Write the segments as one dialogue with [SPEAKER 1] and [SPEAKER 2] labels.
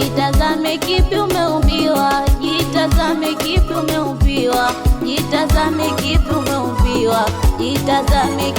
[SPEAKER 1] Jitazame kipi umeumbiwa, jitazame kipi umeumbiwa, jitazame kipi umeumbiwa, jitazame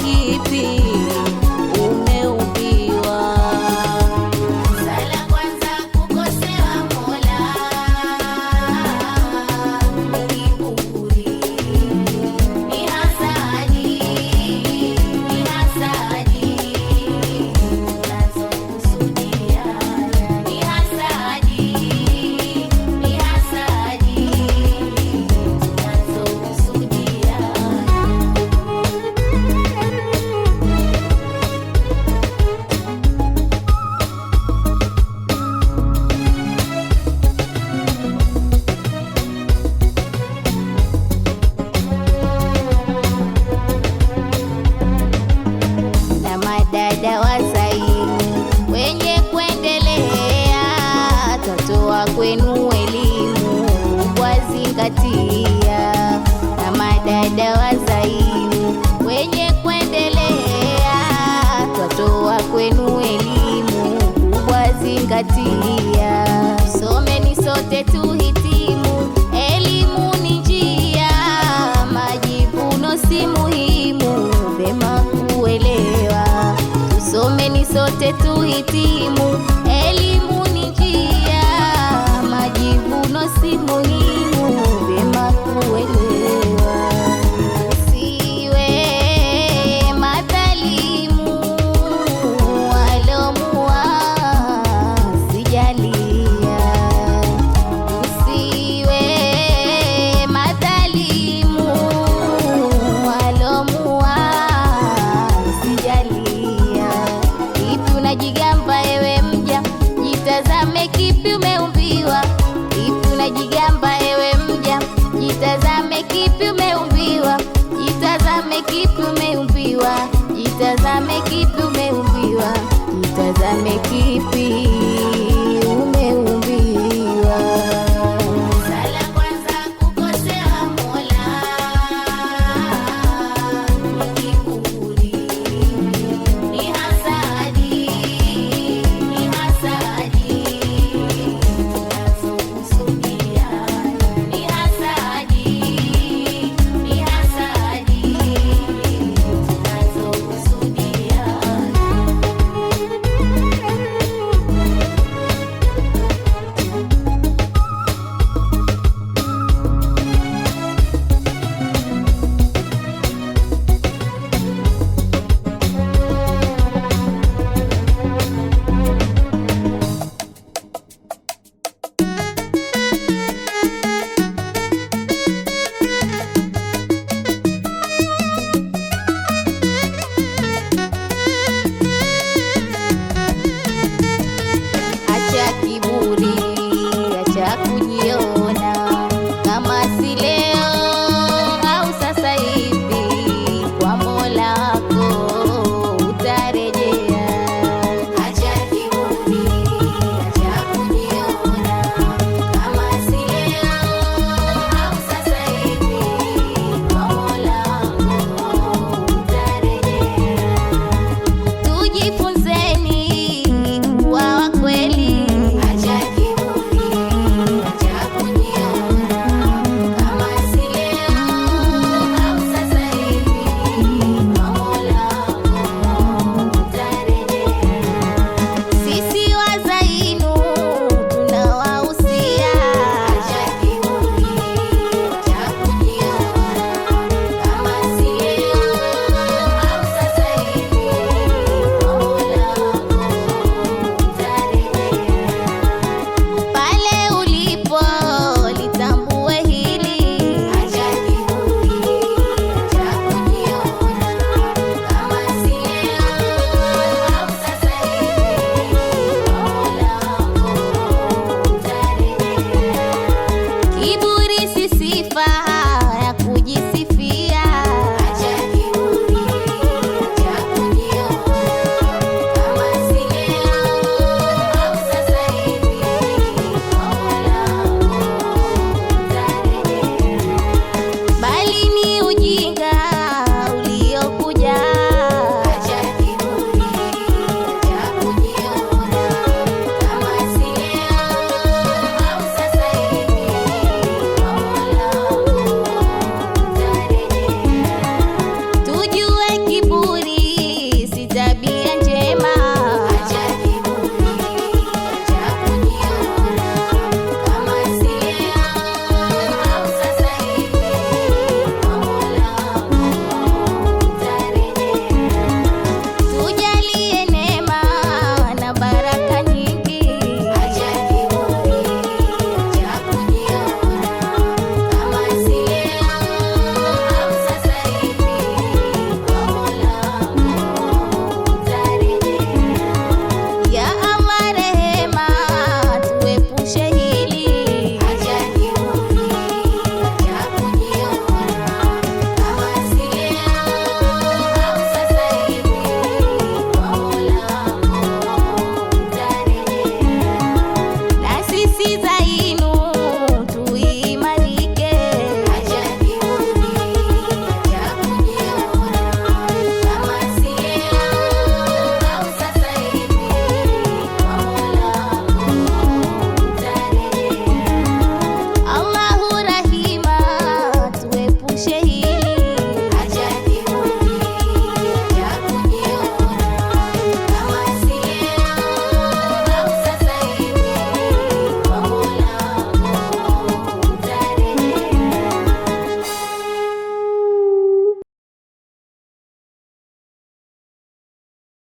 [SPEAKER 2] kufuatia na madada wazaini wenye kuendelea, twatoa kwenu elimu kubwa, zingatia, someni sote tuhitimu. Elimu ni njia, majivuno si muhimu, vema kuelewa. Tusomeni sote tuhitimu, elimu ni njia, majivuno si muhimu